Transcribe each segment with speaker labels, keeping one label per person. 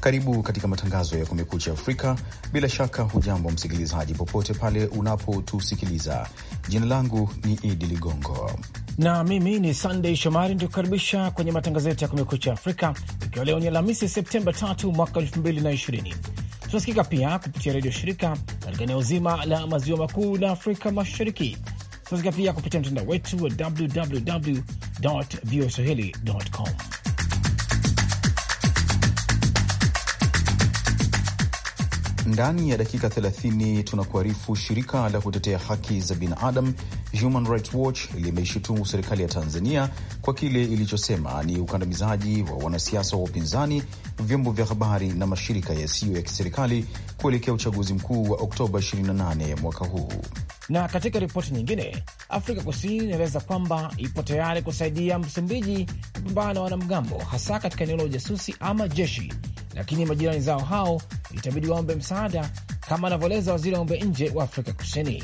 Speaker 1: Karibu katika matangazo ya Kumekucha Afrika. Bila shaka, hujambo msikilizaji, popote pale unapotusikiliza. Jina langu ni Idi Ligongo
Speaker 2: na mimi ni Sandey Shomari, nikukaribisha kwenye matangazo yetu ya Kumekucha Afrika, ikiwa leo ni Alhamisi Septemba 3 mwaka 2020. Tunasikika pia kupitia redio shirika katika eneo zima la maziwa makuu na Afrika Mashariki. Tunasikika pia kupitia mtandao wetu wa www voaswahili com
Speaker 1: Ndani ya dakika 30 tunakuarifu shirika la kutetea haki za binadamu Human Rights Watch limeishutumu serikali ya Tanzania kwa kile ilichosema ni ukandamizaji wa wanasiasa wa upinzani, vyombo vya habari na mashirika yasiyo ya kiserikali kuelekea uchaguzi mkuu wa Oktoba 28 mwaka huu.
Speaker 2: Na katika ripoti nyingine, Afrika Kusini inaeleza kwamba ipo tayari kusaidia Msumbiji kupambana na wanamgambo, hasa katika eneo la ujasusi ama jeshi, lakini majirani zao hao itabidi waombe msaada, kama anavyoeleza waziri wa mambo ya nje wa Afrika Kusini.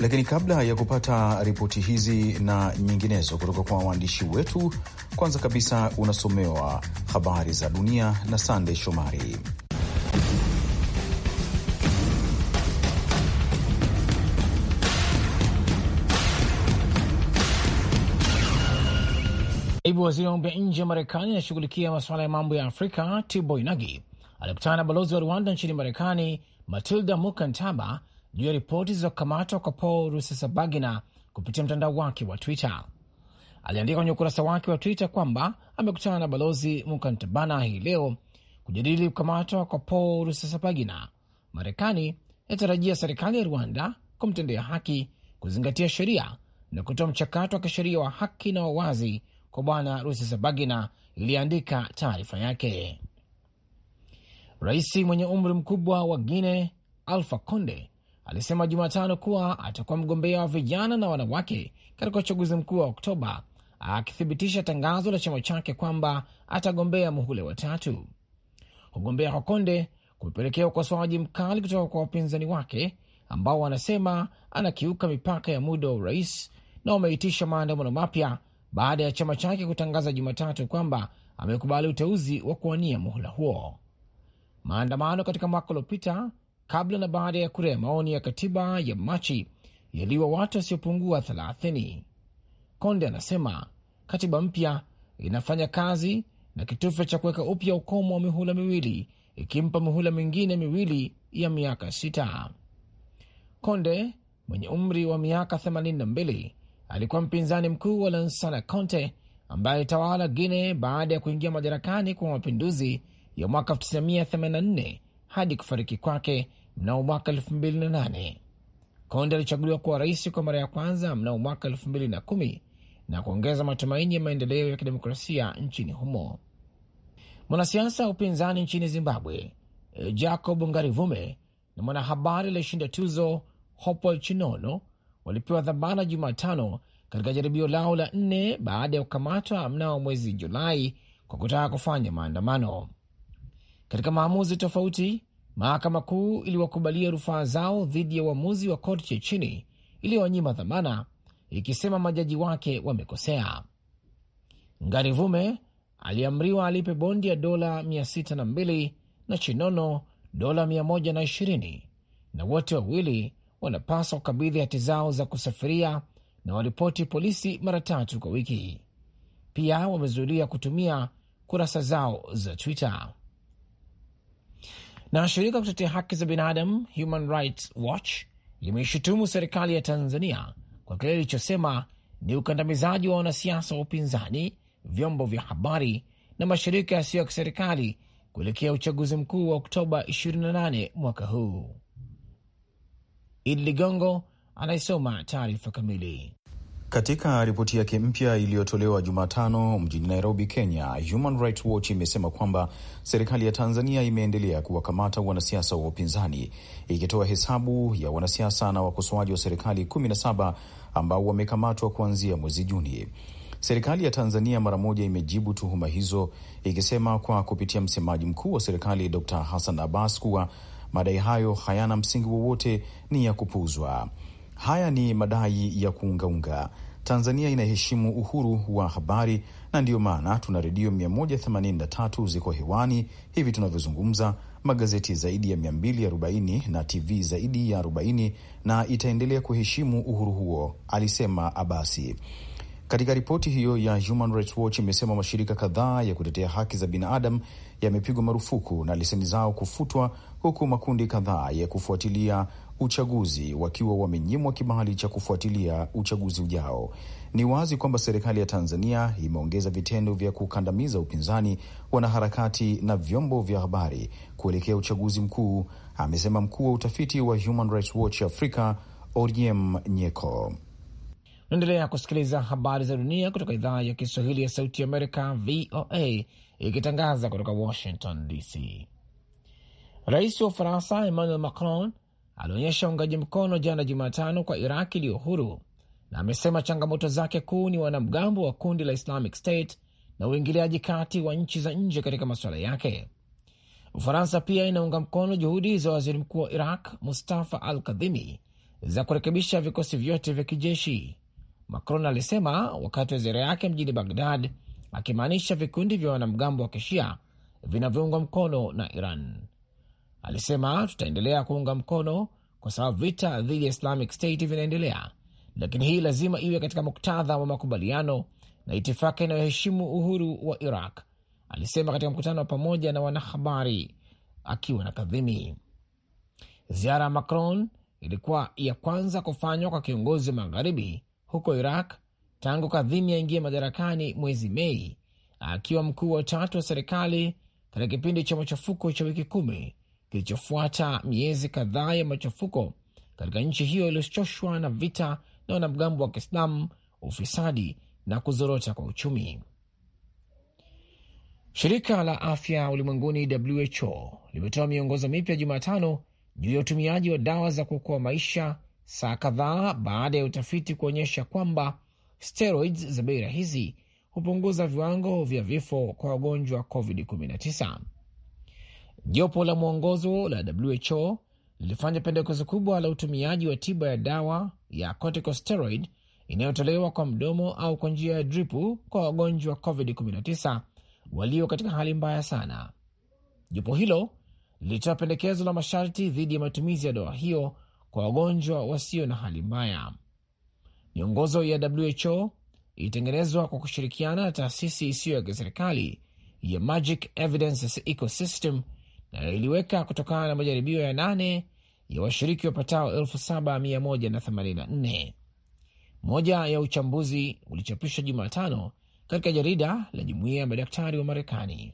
Speaker 1: Lakini kabla ya kupata ripoti hizi na nyinginezo kutoka kwa waandishi wetu, kwanza kabisa unasomewa habari za dunia na sandey Shomari.
Speaker 2: Naibu waziri wa mambo ya nje wa Marekani anashughulikia masuala ya mambo ya Afrika tiboinagi alikutana na balozi wa Rwanda nchini Marekani Matilda Mukantaba juu ya ripoti zilizokamatwa kwa Paul Rusesabagina kupitia mtandao wake wa Twitter. Aliandika kwenye ukurasa wake wa Twitter kwamba amekutana na balozi Mukantabana hii leo kujadili kukamatwa kwa Paul Rusesabagina. Marekani inatarajia serikali ya Rwanda kumtendea haki, kuzingatia sheria na kutoa mchakato wa kisheria wa haki na wawazi kwa Bwana Rusesabagina, iliandika taarifa yake. Rais mwenye umri mkubwa wa Guine Alfa Conde alisema Jumatano kuwa atakuwa mgombea wa vijana na wanawake katika uchaguzi mkuu wa Oktoba, akithibitisha tangazo la chama chake kwamba atagombea muhula wa tatu. Kugombea kwa Konde kumepelekea ukosoaji mkali kutoka kwa wapinzani wake ambao wanasema anakiuka mipaka ya muda wa urais na wameitisha maandamano mapya baada ya chama chake kutangaza Jumatatu kwamba amekubali uteuzi wa kuwania muhula huo. Maandamano katika mwaka uliopita kabla na baada ya kura ya maoni ya katiba ya Machi yaliwa watu wasiopungua 30. Konde anasema katiba mpya inafanya kazi na kitufe cha kuweka upya ukomo wa mihula miwili ikimpa mihula mingine miwili ya miaka sita. Konde mwenye umri wa miaka 82 alikuwa mpinzani mkuu wa Lansana Conte ambaye alitawala Guine baada ya kuingia madarakani kwa mapinduzi ya mwaka 1984 hadi kufariki kwake mnamo mwaka nane. Konde alichaguliwa kuwa rais kwa mara ya kwanza mnamo mwaka 2010 na kuongeza matumaini ya maendeleo ya kidemokrasia nchini humo. Mwanasiasa wa upinzani nchini Zimbabwe eh, Jacob Ngarivume na mwanahabari aliyeshinda tuzo Hopewell Chinono walipewa dhamana Jumatano katika jaribio lao la nne baada ya kukamatwa mnamo mwezi Julai kwa kutaka kufanya maandamano. Katika maamuzi tofauti, mahakama kuu iliwakubalia rufaa zao dhidi ya uamuzi wa korti ya chini iliyowanyima dhamana, ikisema majaji wake wamekosea. Ngarivume aliamriwa alipe bondi ya dola 602 na Chinono dola 120 na wote wawili wanapaswa kukabidhi hati zao za kusafiria na waripoti polisi mara tatu kwa wiki. Pia wamezuilia kutumia kurasa zao za Twitter. Na shirika kutetea haki za binadamu Human Rights Watch limeishutumu serikali ya Tanzania kwa kile ilichosema ni ukandamizaji wa wanasiasa wa upinzani, vyombo vya habari na mashirika yasiyo ya kiserikali kuelekea uchaguzi mkuu wa Oktoba 28 mwaka huu. Idi Ligongo anayesoma taarifa kamili.
Speaker 1: Katika ripoti yake mpya iliyotolewa Jumatano mjini Nairobi, Kenya, Human Rights Watch imesema kwamba serikali ya Tanzania imeendelea kuwakamata wanasiasa wa upinzani ikitoa hesabu ya wanasiasa na wakosoaji wa serikali 17 ambao wamekamatwa kuanzia mwezi Juni. Serikali ya Tanzania mara moja imejibu tuhuma hizo ikisema kwa kupitia msemaji mkuu wa serikali Dr Hassan Abbas kuwa madai hayo hayana msingi wowote, ni ya kupuuzwa. Haya ni madai ya kuungaunga. Tanzania inaheshimu uhuru wa habari na ndiyo maana tuna redio 183 ziko hewani hivi tunavyozungumza, magazeti zaidi ya 240 na TV zaidi ya 40 na itaendelea kuheshimu uhuru huo, alisema Abasi. Katika ripoti hiyo ya Human Rights Watch imesema mashirika kadhaa ya kutetea haki za binadamu yamepigwa marufuku na leseni zao kufutwa, huku makundi kadhaa ya kufuatilia uchaguzi wakiwa wamenyimwa kibali cha kufuatilia uchaguzi ujao. Ni wazi kwamba serikali ya Tanzania imeongeza vitendo vya kukandamiza upinzani, wanaharakati na vyombo vya habari kuelekea uchaguzi mkuu, amesema mkuu wa utafiti wa Human Rights Watch Africa Oriem Nyeko.
Speaker 2: Naendelea kusikiliza habari za dunia kutoka idhaa ya Kiswahili ya Sauti ya Amerika, VOA, ikitangaza kutoka Washington DC. Rais wa Ufaransa Emmanuel Macron alionyesha uungaji mkono jana Jumatano kwa Iraq iliyo huru na amesema changamoto zake kuu ni wanamgambo wa kundi la Islamic State na uingiliaji kati wa nchi za nje katika masuala yake. Ufaransa pia inaunga mkono juhudi za waziri mkuu wa Iraq Mustafa Al Kadhimi za kurekebisha vikosi vyote vya kijeshi, Macron alisema wakati wa ziara yake mjini Bagdad, akimaanisha vikundi vya wanamgambo wa kishia vinavyoungwa mkono na Iran. Alisema tutaendelea kuunga mkono kwa sababu vita dhidi ya Islamic State vinaendelea, lakini hii lazima iwe katika muktadha wa makubaliano na itifaki inayoheshimu uhuru wa Iraq, alisema katika mkutano wa pamoja na wanahabari akiwa na Kadhimi. Ziara ya Macron ilikuwa ya kwanza kufanywa kwa kiongozi wa magharibi huko Iraq tangu Kadhimi aingie madarakani mwezi Mei, akiwa mkuu wa tatu wa serikali katika kipindi cha machafuko cha wiki kumi kilichofuata miezi kadhaa ya machafuko katika nchi hiyo iliyochoshwa na vita na wanamgambo wa Kiislamu, ufisadi na kuzorota kwa uchumi. Shirika la afya ulimwenguni WHO limetoa miongozo mipya Jumatano juu ya utumiaji wa dawa za kuokoa maisha saa kadhaa baada ya utafiti kuonyesha kwamba steroids za bei rahisi hupunguza viwango vya vifo kwa wagonjwa wa COVID-19. Jopo la mwongozo la WHO lilifanya pendekezo kubwa la utumiaji wa tiba ya dawa ya corticosteroid inayotolewa kwa mdomo au kwa njia ya dripu kwa wagonjwa wa COVID-19 walio katika hali mbaya sana. Jopo hilo lilitoa pendekezo la masharti dhidi ya matumizi ya dawa hiyo kwa wagonjwa wasio na hali mbaya. Miongozo ya WHO ilitengenezwa kwa kushirikiana na taasisi isiyo ya kiserikali ya Magic Evidence Ecosystem na iliweka kutokana na majaribio ya nane ya washiriki wapatao 7184. Moja ya uchambuzi ulichapishwa Jumatano katika jarida la jumuiya ya madaktari wa Marekani.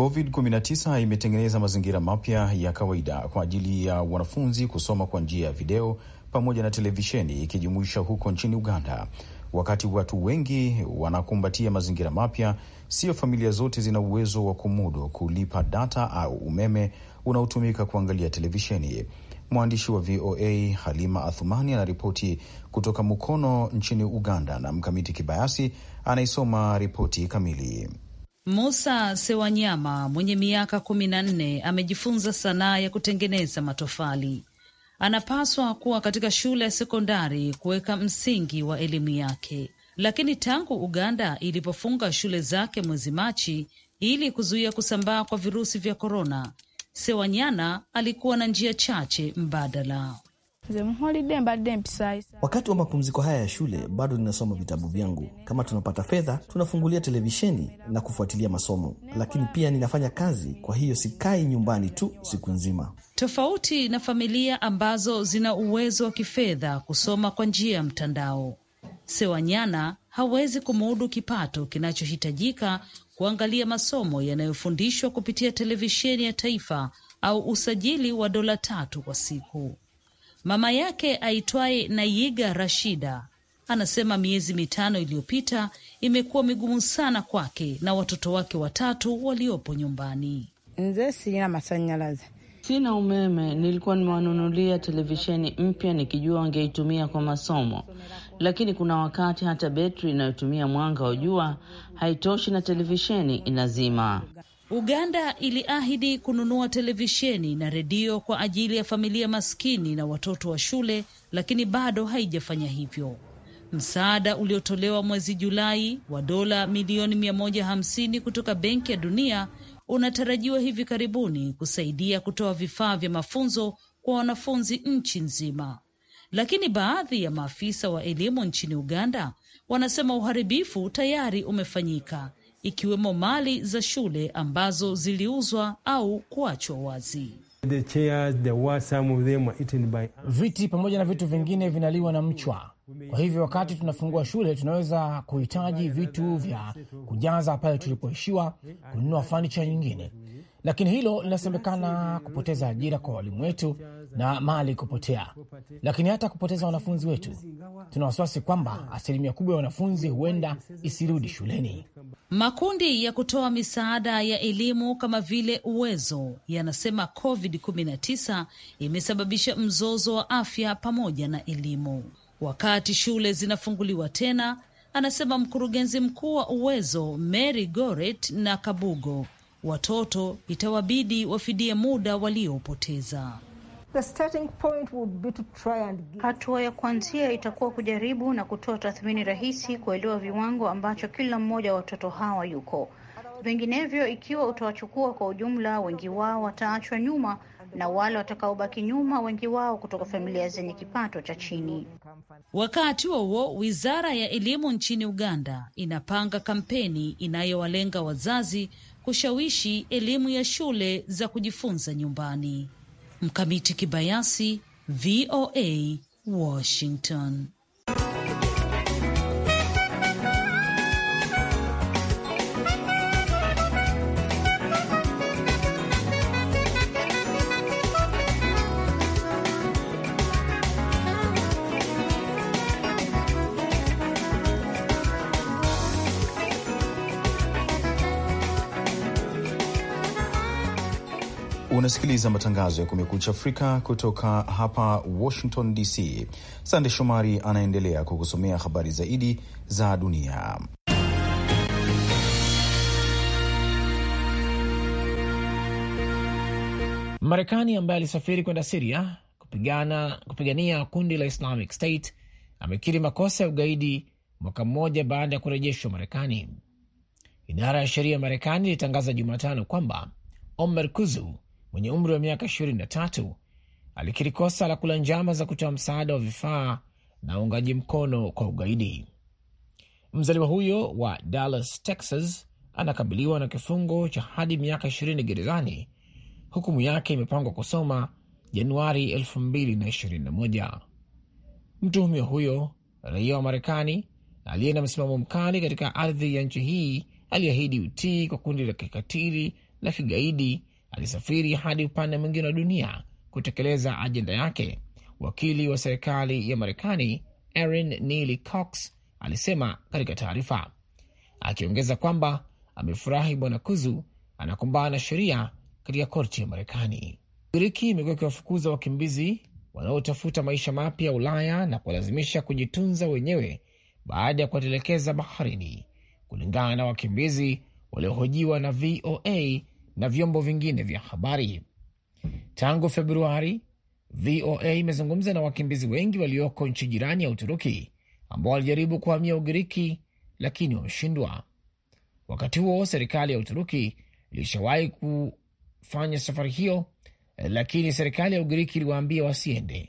Speaker 1: COVID-19 imetengeneza mazingira mapya ya kawaida kwa ajili ya wanafunzi kusoma kwa njia ya video pamoja na televisheni ikijumuisha huko nchini Uganda. Wakati watu wengi wanakumbatia mazingira mapya, sio familia zote zina uwezo wa kumudu kulipa data au umeme unaotumika kuangalia televisheni. Mwandishi wa VOA Halima Athumani anaripoti kutoka Mukono nchini Uganda, na Mkamiti Kibayasi anaisoma ripoti
Speaker 3: kamili. Musa Sewanyama mwenye miaka kumi na nne amejifunza sanaa ya kutengeneza matofali. Anapaswa kuwa katika shule ya sekondari kuweka msingi wa elimu yake, lakini tangu Uganda ilipofunga shule zake mwezi Machi ili kuzuia kusambaa kwa virusi vya korona, Sewanyana alikuwa na njia chache mbadala
Speaker 1: wakati wa mapumziko haya ya shule. Bado ninasoma vitabu vyangu, kama tunapata fedha tunafungulia televisheni na kufuatilia masomo, lakini pia ninafanya kazi, kwa hiyo sikai nyumbani tu siku
Speaker 3: nzima. Tofauti na familia ambazo zina uwezo wa kifedha kusoma kwa njia ya mtandao, Sewanyana hawezi kumudu kipato kinachohitajika kuangalia masomo yanayofundishwa kupitia televisheni ya taifa au usajili wa dola tatu kwa siku. Mama yake aitwaye Nayiga Rashida anasema miezi mitano iliyopita imekuwa migumu sana kwake na watoto wake watatu waliopo nyumbani. Nze sina sina umeme. Nilikuwa nimewanunulia televisheni mpya nikijua wangeitumia kwa masomo, lakini kuna wakati hata betri inayotumia mwanga wa jua haitoshi na televisheni inazima. Uganda iliahidi kununua televisheni na redio kwa ajili ya familia maskini na watoto wa shule, lakini bado haijafanya hivyo. Msaada uliotolewa mwezi Julai wa dola milioni 150 kutoka Benki ya Dunia unatarajiwa hivi karibuni kusaidia kutoa vifaa vya mafunzo kwa wanafunzi nchi nzima, lakini baadhi ya maafisa wa elimu nchini Uganda wanasema uharibifu tayari umefanyika ikiwemo mali za shule ambazo ziliuzwa au kuachwa wazi.
Speaker 4: The chairs, the some of them were eaten by...
Speaker 2: viti pamoja na vitu vingine vinaliwa na mchwa. Kwa hivyo wakati tunafungua shule, tunaweza kuhitaji vitu vya kujaza pale tulipoishiwa, kununua fanicha nyingine, lakini hilo linasemekana kupoteza ajira kwa walimu wetu na mali kupotea, lakini hata kupoteza wanafunzi wetu tuna wasiwasi kwamba asilimia kubwa ya wanafunzi huenda isirudi shuleni.
Speaker 3: Makundi ya kutoa misaada ya elimu kama vile Uwezo yanasema COVID-19 imesababisha mzozo wa afya pamoja na elimu. Wakati shule zinafunguliwa tena, anasema mkurugenzi mkuu wa Uwezo Mary Goret na Kabugo, watoto itawabidi wafidie muda waliopoteza. Hatua ya kuanzia itakuwa kujaribu na kutoa tathmini rahisi, kuelewa viwango ambacho kila mmoja wa watoto hawa yuko. Vinginevyo, ikiwa utawachukua kwa ujumla, wengi wao wataachwa nyuma, na wale watakaobaki nyuma, wengi wao kutoka familia zenye kipato cha chini. Wakati huo wizara ya elimu nchini Uganda inapanga kampeni inayowalenga wazazi kushawishi elimu ya shule za kujifunza nyumbani. Mkamiti Kibayasi, VOA, Washington.
Speaker 1: unasikiliza matangazo ya Kumekucha Afrika kutoka hapa Washington DC. Sande Shomari anaendelea kukusomea habari zaidi za dunia.
Speaker 2: Marekani ambaye alisafiri kwenda Siria kupigana kupigania kundi la Islamic State amekiri makosa ya ugaidi mwaka mmoja baada ya kurejeshwa Marekani. Idara ya sheria ya Marekani ilitangaza Jumatano kwamba Omer Kuzu mwenye umri wa miaka 23 alikiri kosa la kula njama za kutoa msaada wa vifaa na uungaji mkono kwa ugaidi. Mzaliwa huyo wa Dallas, Texas anakabiliwa na kifungo cha hadi miaka 20 gerezani. Hukumu yake imepangwa kusoma Januari 2021. Mtuhumiwa huyo raia wa Marekani aliye na msimamo mkali katika ardhi ya nchi hii aliahidi utii kwa kundi la kikatili la kigaidi alisafiri hadi upande mwingine wa dunia kutekeleza ajenda yake. Wakili wa serikali ya Marekani Erin Neely Cox alisema katika taarifa, akiongeza kwamba amefurahi Bwana Kuzu anakumbana na sheria katika korti ya Marekani. Ugiriki imekuwa ikiwafukuza wakimbizi wanaotafuta maisha mapya Ulaya na kuwalazimisha kujitunza wenyewe baada ya kuwatelekeza baharini, kulingana na wakimbizi waliohojiwa na VOA na vyombo vingine vya habari. Tangu Februari, VOA imezungumza na wakimbizi wengi walioko nchi jirani ya Uturuki ambao walijaribu kuhamia Ugiriki lakini wameshindwa. Wakati huo serikali ya Uturuki ilishawahi kufanya safari hiyo, lakini serikali ya Ugiriki iliwaambia wasiende.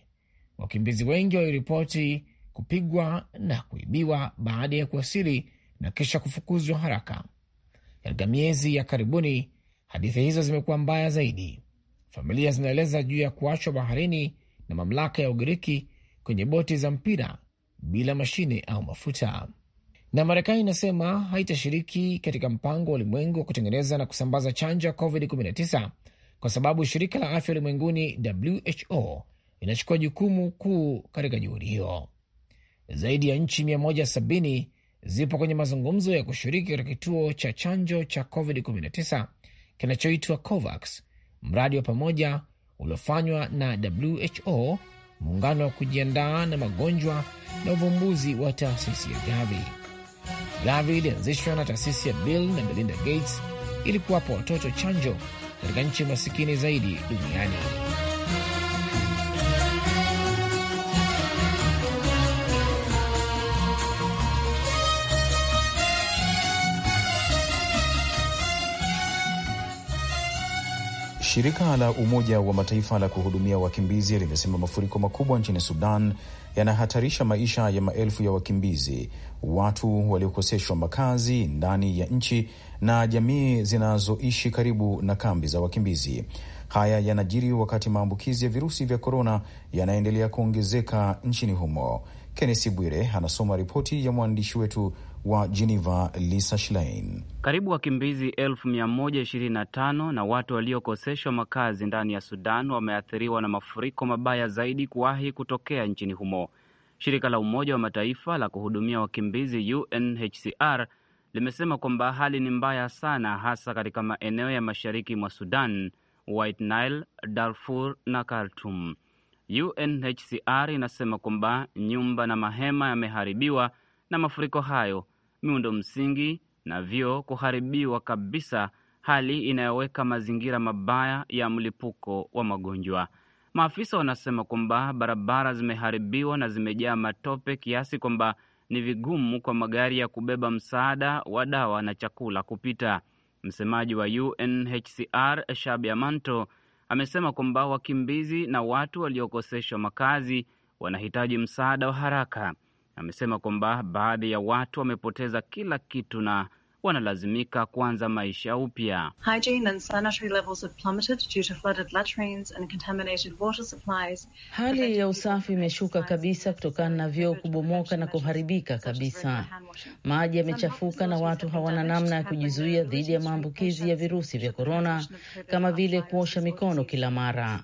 Speaker 2: Wakimbizi wengi waliripoti kupigwa na kuibiwa baada ya kuwasili na kisha kufukuzwa haraka. Katika miezi ya karibuni, Hadithi hizo zimekuwa mbaya zaidi. Familia zinaeleza juu ya kuachwa baharini na mamlaka ya Ugiriki kwenye boti za mpira bila mashine au mafuta. Na Marekani inasema haitashiriki katika mpango wa ulimwengu wa kutengeneza na kusambaza chanjo ya COVID-19 kwa sababu shirika la afya ulimwenguni WHO inachukua jukumu kuu katika juhudi hiyo. Zaidi ya nchi 170 zipo kwenye mazungumzo ya kushiriki katika kituo cha chanjo cha COVID-19 kinachoitwa COVAX, mradi wa pamoja uliofanywa na WHO, muungano wa kujiandaa na magonjwa na uvumbuzi wa taasisi ya Gavi. Gavi ilianzishwa na taasisi ya Bill na Melinda Gates ili kuwapa watoto chanjo katika nchi masikini zaidi duniani.
Speaker 1: Shirika la Umoja wa Mataifa la kuhudumia wakimbizi limesema mafuriko makubwa nchini Sudan yanahatarisha maisha ya maelfu ya wakimbizi, watu waliokoseshwa makazi ndani ya nchi na jamii zinazoishi karibu na kambi za wakimbizi. Haya yanajiri wakati maambukizi ya virusi vya korona yanaendelea kuongezeka nchini humo. Kennesi Bwire anasoma ripoti ya mwandishi wetu wa Geneva Lisa Schlein.
Speaker 5: Karibu wakimbizi 125 na watu waliokoseshwa makazi ndani ya Sudan wameathiriwa na mafuriko mabaya zaidi kuwahi kutokea nchini humo. Shirika la Umoja wa Mataifa la kuhudumia wakimbizi UNHCR limesema kwamba hali ni mbaya sana, hasa katika maeneo ya mashariki mwa Sudan, White Nile, Darfur na Khartum. UNHCR inasema kwamba nyumba na mahema yameharibiwa na mafuriko hayo miundo msingi na vyoo kuharibiwa kabisa, hali inayoweka mazingira mabaya ya mlipuko wa magonjwa. Maafisa wanasema kwamba barabara zimeharibiwa na zimejaa matope kiasi kwamba ni vigumu kwa magari ya kubeba msaada wa dawa na chakula kupita. Msemaji wa UNHCR Shabia Manto amesema kwamba wakimbizi na watu waliokoseshwa makazi wanahitaji msaada wa haraka amesema kwamba baadhi ya watu wamepoteza kila kitu na wanalazimika kuanza maisha upya.
Speaker 3: Hali ya usafi imeshuka kabisa kutokana na vyoo kubomoka na kuharibika kabisa. Maji yamechafuka na watu hawana namna ya kujizuia dhidi ya maambukizi ya virusi vya korona, kama vile kuosha mikono kila mara.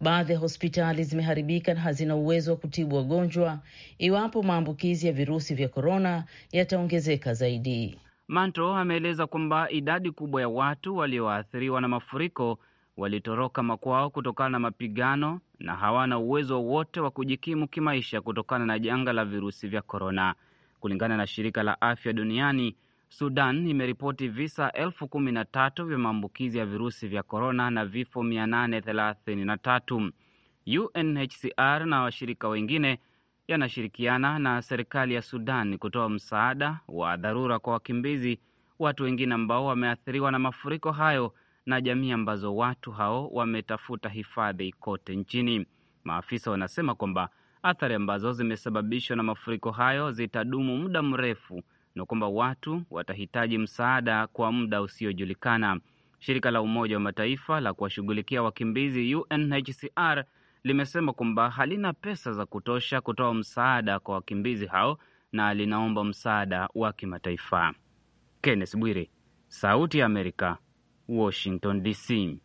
Speaker 3: Baadhi ya hospitali zimeharibika na hazina uwezo wa kutibu wagonjwa iwapo maambukizi ya virusi vya korona yataongezeka zaidi.
Speaker 5: Manto ameeleza kwamba idadi kubwa ya watu walioathiriwa na mafuriko walitoroka makwao kutokana na mapigano na hawana uwezo wowote wa kujikimu kimaisha kutokana na janga la virusi vya korona. Kulingana na shirika la afya duniani, Sudan imeripoti visa elfu kumi na tatu vya maambukizi ya virusi vya korona na vifo 833. UNHCR na washirika wengine yanashirikiana na serikali ya Sudan kutoa msaada wa dharura kwa wakimbizi, watu wengine ambao wameathiriwa na mafuriko hayo na jamii ambazo watu hao wametafuta hifadhi kote nchini. Maafisa wanasema kwamba athari ambazo zimesababishwa na mafuriko hayo zitadumu muda mrefu na kwamba watu watahitaji msaada kwa muda usiojulikana. Shirika la Umoja wa Mataifa la kuwashughulikia wakimbizi UNHCR limesema kwamba halina pesa za kutosha kutoa msaada kwa wakimbizi hao na linaomba msaada wa kimataifa. Kenneth Bwire, Sauti ya Amerika, Washington DC.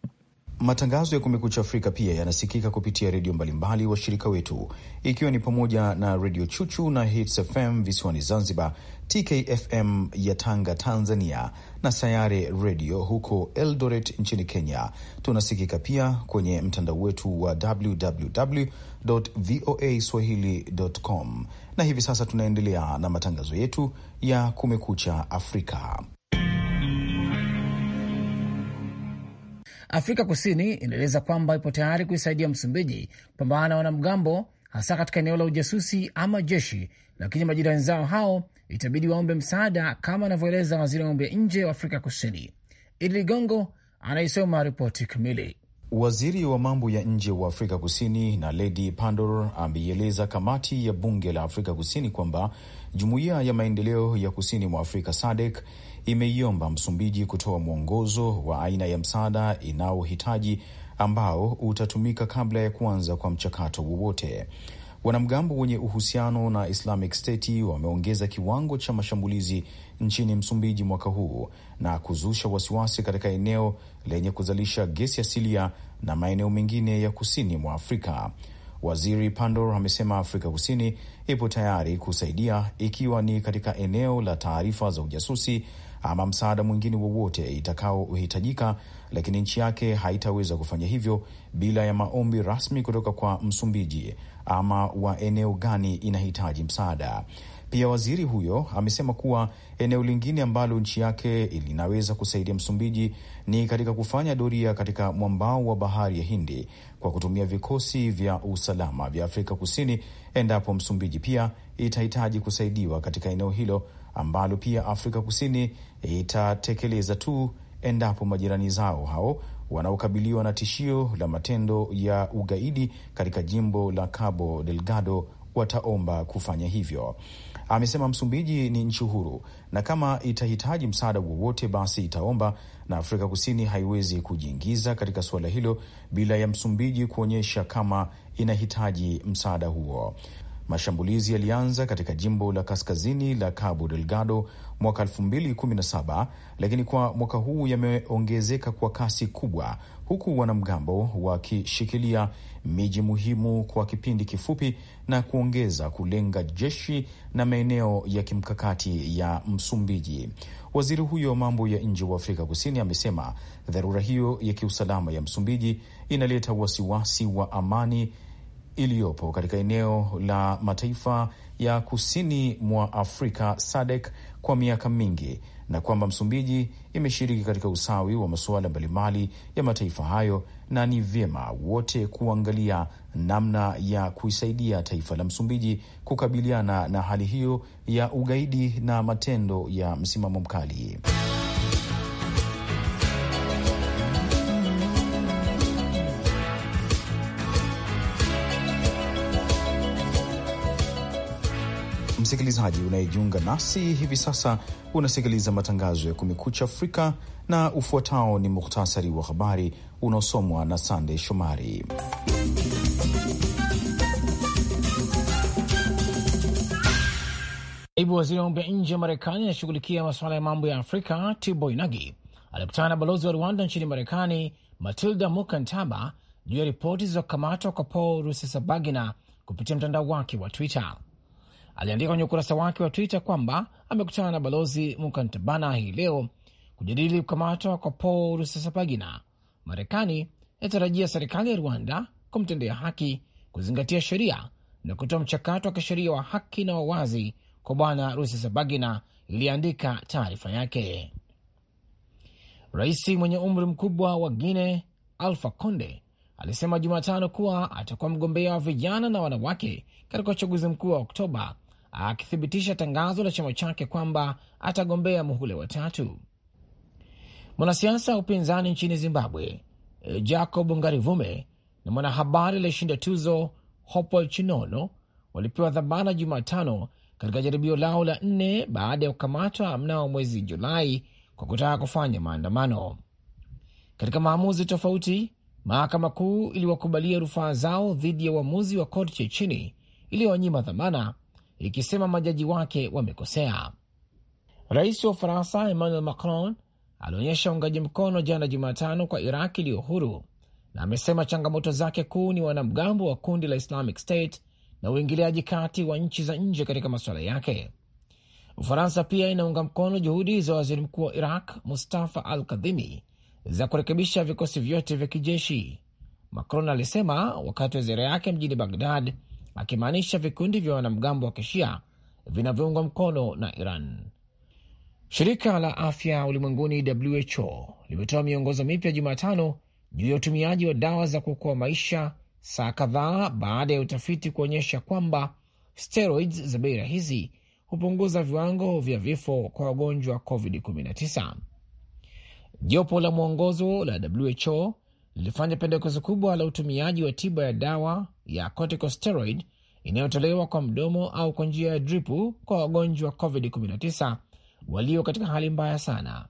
Speaker 1: Matangazo ya Kumekucha Afrika pia yanasikika kupitia redio mbalimbali washirika wetu, ikiwa ni pamoja na Redio Chuchu na Hits FM visiwani Zanzibar, TKFM ya Tanga, Tanzania, na Sayare Redio huko Eldoret nchini Kenya. Tunasikika pia kwenye mtandao wetu wa www voa swahili.com, na hivi sasa tunaendelea na matangazo yetu ya Kumekucha Afrika.
Speaker 2: Afrika Kusini inaeleza kwamba ipo tayari kuisaidia Msumbiji kupambana na wanamgambo hasa katika eneo la ujasusi ama jeshi, lakini majirani zao hao itabidi waombe msaada, kama anavyoeleza waziri wa mambo ya nje wa Afrika
Speaker 1: Kusini. Idi Ligongo anaisoma ripoti kamili. Waziri wa mambo ya nje wa Afrika Kusini na Naledi Pandor ameieleza kamati ya bunge la Afrika Kusini kwamba jumuiya ya maendeleo ya kusini mwa Afrika SADC imeiomba Msumbiji kutoa mwongozo wa aina ya msaada inaohitaji ambao utatumika kabla ya kuanza kwa mchakato wowote. Wanamgambo wenye uhusiano na Islamic State wameongeza kiwango cha mashambulizi nchini Msumbiji mwaka huu na kuzusha wasiwasi katika eneo lenye kuzalisha gesi asilia na maeneo mengine ya kusini mwa Afrika. Waziri Pandor amesema Afrika Kusini ipo tayari kusaidia ikiwa ni katika eneo la taarifa za ujasusi ama msaada mwingine wowote itakaohitajika, lakini nchi yake haitaweza kufanya hivyo bila ya maombi rasmi kutoka kwa Msumbiji ama wa eneo gani inahitaji msaada. Pia waziri huyo amesema kuwa eneo lingine ambalo nchi yake linaweza kusaidia Msumbiji ni katika kufanya doria katika mwambao wa bahari ya Hindi kwa kutumia vikosi vya usalama vya Afrika Kusini endapo Msumbiji pia itahitaji kusaidiwa katika eneo hilo ambalo pia Afrika Kusini itatekeleza tu endapo majirani zao hao wanaokabiliwa na tishio la matendo ya ugaidi katika jimbo la Cabo Delgado wataomba kufanya hivyo. Amesema Msumbiji ni nchi huru na kama itahitaji msaada wowote basi itaomba, na Afrika Kusini haiwezi kujiingiza katika suala hilo bila ya Msumbiji kuonyesha kama inahitaji msaada huo. Mashambulizi yalianza katika jimbo la kaskazini la Cabo Delgado mwaka 2017 lakini kwa mwaka huu yameongezeka kwa kasi kubwa, huku wanamgambo wakishikilia miji muhimu kwa kipindi kifupi na kuongeza kulenga jeshi na maeneo ya kimkakati ya Msumbiji. Waziri huyo wa mambo ya nje wa Afrika Kusini amesema dharura hiyo ya kiusalama ya Msumbiji inaleta wasiwasi wa amani iliyopo katika eneo la mataifa ya kusini mwa Afrika SADC kwa miaka mingi na kwamba Msumbiji imeshiriki katika usawi wa masuala mbalimbali ya mataifa hayo na ni vyema wote kuangalia namna ya kuisaidia taifa la Msumbiji kukabiliana na hali hiyo ya ugaidi na matendo ya msimamo mkali. Msikilizaji unayejiunga nasi hivi sasa, unasikiliza matangazo ya Kumekucha Afrika na ufuatao ni muhtasari wa habari unaosomwa na Sandey Shomari.
Speaker 2: Naibu waziri wa mambo ya nje ya Marekani anashughulikia masuala ya mambo ya Afrika Tibo Inagi alikutana na balozi wa Rwanda nchini Marekani Matilda Mukantaba juu ya ripoti za kukamatwa kwa Paul Rusesabagina kupitia mtandao wake wa Twitter aliandika kwenye ukurasa wake wa Twitter kwamba amekutana na balozi Mukantabana hii leo kujadili kukamatwa kwa Paul Rusesabagina. Marekani inatarajia serikali ya Rwanda kumtendea haki, kuzingatia sheria na kutoa mchakato wa kisheria wa haki na wawazi kwa Bwana Rusesabagina, iliyeandika taarifa yake. Rais mwenye umri mkubwa wa Guine Alfa Conde alisema Jumatano kuwa atakuwa mgombea wa vijana na wanawake katika uchaguzi mkuu wa Oktoba akithibitisha tangazo la chama chake kwamba atagombea muhula wa tatu. Mwanasiasa wa upinzani nchini Zimbabwe eh, Jacob Ngarivume na mwanahabari aliyeshinda tuzo Hopol Chinono walipewa dhamana Jumatano katika jaribio lao la nne baada ya kukamatwa mnao mwezi Julai kwa kutaka kufanya maandamano. Katika maamuzi tofauti, mahakama kuu iliwakubalia rufaa zao dhidi ya uamuzi wa koti cha chini iliyowanyima dhamana ikisema majaji wake wamekosea. Rais wa Ufaransa Emmanuel Macron alionyesha uungaji mkono jana Jumatano kwa Iraq iliyo huru na amesema changamoto zake kuu ni wanamgambo wa kundi la Islamic State na uingiliaji kati wa nchi za nje katika masuala yake. Ufaransa pia inaunga mkono juhudi za waziri mkuu wa Iraq Mustafa Al Kadhimi za kurekebisha vikosi vyote vya kijeshi, Macron alisema wakati wa ziara yake mjini Bagdad akimaanisha vikundi vya wanamgambo wa kishia vinavyoungwa mkono na Iran. Shirika la afya ulimwenguni WHO limetoa miongozo mipya Jumatano juu ya utumiaji wa dawa za kuokoa maisha saa kadhaa baada ya utafiti kuonyesha kwamba steroids za bei rahisi hupunguza viwango vya vifo kwa wagonjwa wa COVID-19. Jopo la mwongozo la WHO lilifanya pendekezo kubwa la utumiaji wa tiba ya dawa ya corticosteroid inayotolewa kwa mdomo au kwa njia ya dripu kwa wagonjwa wa COVID-19 walio katika hali mbaya sana.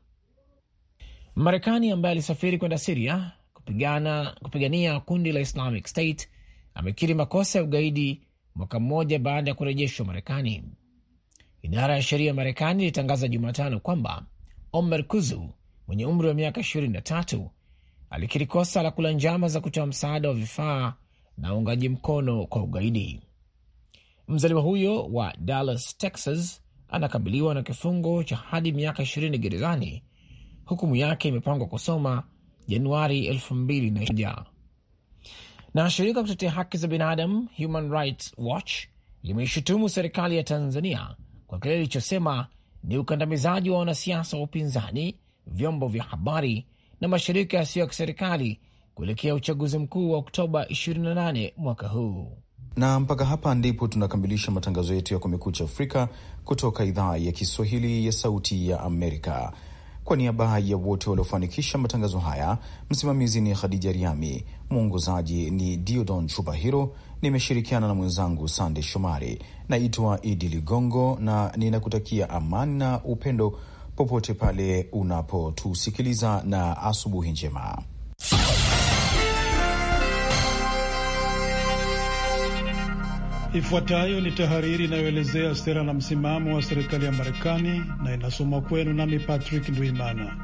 Speaker 2: Marekani ambaye alisafiri kwenda Siria kupigana, kupigania kundi la Islamic State amekiri makosa ya ugaidi mwaka mmoja baada ya kurejeshwa Marekani. Idara ya sheria ya Marekani ilitangaza Jumatano kwamba Omer Kuzu mwenye umri wa miaka 23 alikiri kosa la kula njama za kutoa msaada wa vifaa na uungaji mkono kwa ugaidi. Mzaliwa huyo wa Dallas, Texas anakabiliwa na kifungo cha hadi miaka ishirini gerezani. Hukumu yake imepangwa kusoma Januari elfu mbili na ishirini. Na shirika kutetea haki za binadamu Human Rights Watch limeishutumu serikali ya Tanzania kwa kile ilichosema ni ukandamizaji wa wanasiasa wa upinzani, vyombo vya habari na mashirika yasiyo ya kiserikali kuelekea uchaguzi mkuu wa Oktoba 28
Speaker 1: mwaka huu. Na mpaka hapa ndipo tunakamilisha matangazo yetu ya Kumekucha Afrika kutoka idhaa ya Kiswahili ya Sauti ya Amerika. Kwa niaba ya wote waliofanikisha matangazo haya, msimamizi ni Khadija Riami, mwongozaji ni Diodon Chubahiro. Nimeshirikiana na mwenzangu Sande Shomari. Naitwa Idi Ligongo na ninakutakia amani na upendo popote pale unapotusikiliza, na asubuhi njema.
Speaker 4: Ifuatayo ni tahariri inayoelezea sera na msimamo wa serikali ya Marekani na inasoma kwenu nami Patrick Ndwimana.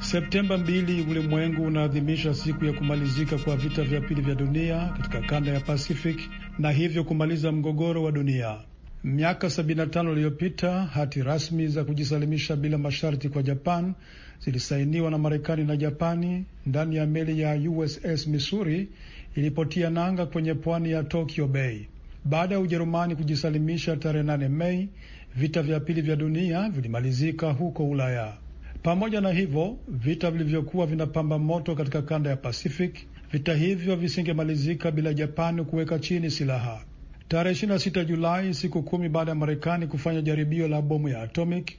Speaker 4: Septemba 2 ulimwengu unaadhimisha siku ya kumalizika kwa vita vya pili vya dunia katika kanda ya Pacific na hivyo kumaliza mgogoro wa dunia. Miaka 75 iliyopita hati rasmi za kujisalimisha bila masharti kwa Japan zilisainiwa na Marekani na Japani ndani ya meli ya USS Missouri ilipotia nanga kwenye pwani ya Tokyo Bay. Baada ya Ujerumani kujisalimisha tarehe 8 Mei, vita vya pili vya dunia vilimalizika huko Ulaya. Pamoja na hivyo, vita vilivyokuwa vinapamba moto katika kanda ya Pacific, vita hivyo visingemalizika bila Japani kuweka chini silaha. Tarehe 26 Julai, siku kumi baada ya Marekani kufanya jaribio la bomu ya atomic,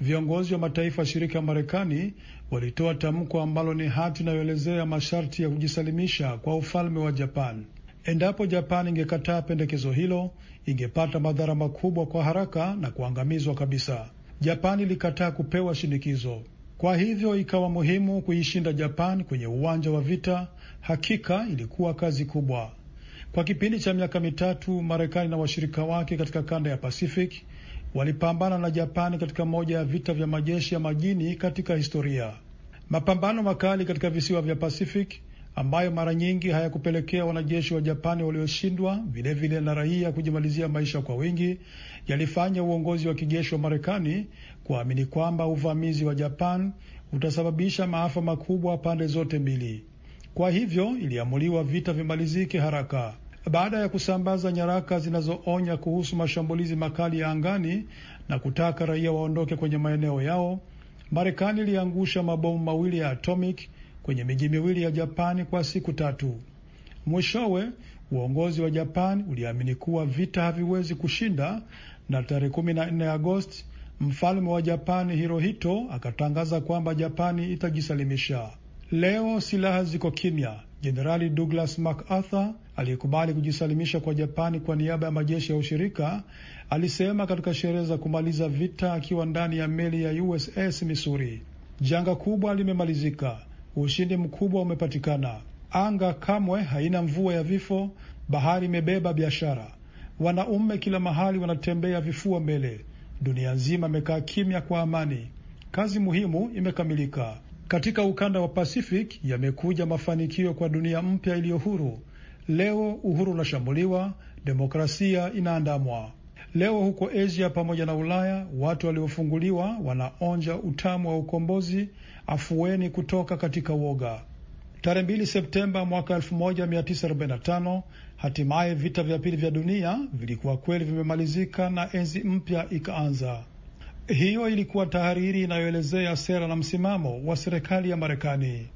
Speaker 4: viongozi wa mataifa shirika ya Marekani walitoa tamko ambalo ni hati inayoelezea masharti ya kujisalimisha kwa ufalme wa Japan. Endapo Japan ingekataa pendekezo hilo, ingepata madhara makubwa kwa haraka na kuangamizwa kabisa. Japan ilikataa kupewa shinikizo, kwa hivyo ikawa muhimu kuishinda Japan kwenye uwanja wa vita. Hakika ilikuwa kazi kubwa. Kwa kipindi cha miaka mitatu, Marekani na washirika wake katika kanda ya Pacific walipambana na Japani katika moja ya vita vya majeshi ya majini katika historia. Mapambano makali katika visiwa vya Pacific ambayo mara nyingi hayakupelekea wanajeshi wa Japani walioshindwa vilevile na raia kujimalizia maisha kwa wingi yalifanya uongozi wa kijeshi wa Marekani kuamini kwamba uvamizi wa Japan utasababisha maafa makubwa pande zote mbili. Kwa hivyo iliamuliwa vita vimalizike haraka baada ya kusambaza nyaraka zinazoonya kuhusu mashambulizi makali ya angani na kutaka raia waondoke kwenye maeneo yao. Marekani iliangusha mabomu mawili ya atomic kwenye miji miwili ya Japani kwa siku tatu. Mwishowe uongozi wa Japan uliamini kuwa vita haviwezi kushinda, na tarehe 14 Agosti mfalme wa Japani Hirohito akatangaza kwamba Japani itajisalimisha. Leo silaha ziko kimya. Jenerali Douglas MacArthur aliyekubali kujisalimisha kwa Japani kwa niaba ya majeshi ya ushirika alisema katika sherehe za kumaliza vita akiwa ndani ya meli ya USS Missouri, janga kubwa limemalizika, ushindi mkubwa umepatikana, anga kamwe haina mvua ya vifo, bahari imebeba biashara, wanaume kila mahali wanatembea vifua mbele, dunia nzima imekaa kimya kwa amani, kazi muhimu imekamilika. Katika ukanda wa Pacific yamekuja mafanikio kwa dunia mpya iliyo huru. Leo uhuru unashambuliwa, demokrasia inaandamwa. Leo huko Asia pamoja na Ulaya, watu waliofunguliwa wanaonja utamu wa ukombozi, afueni kutoka katika woga. Tarehe 2 Septemba mwaka 1945 hatimaye vita vya pili vya dunia vilikuwa kweli vimemalizika na enzi mpya ikaanza. Hiyo ilikuwa tahariri inayoelezea sera na msimamo wa serikali ya Marekani.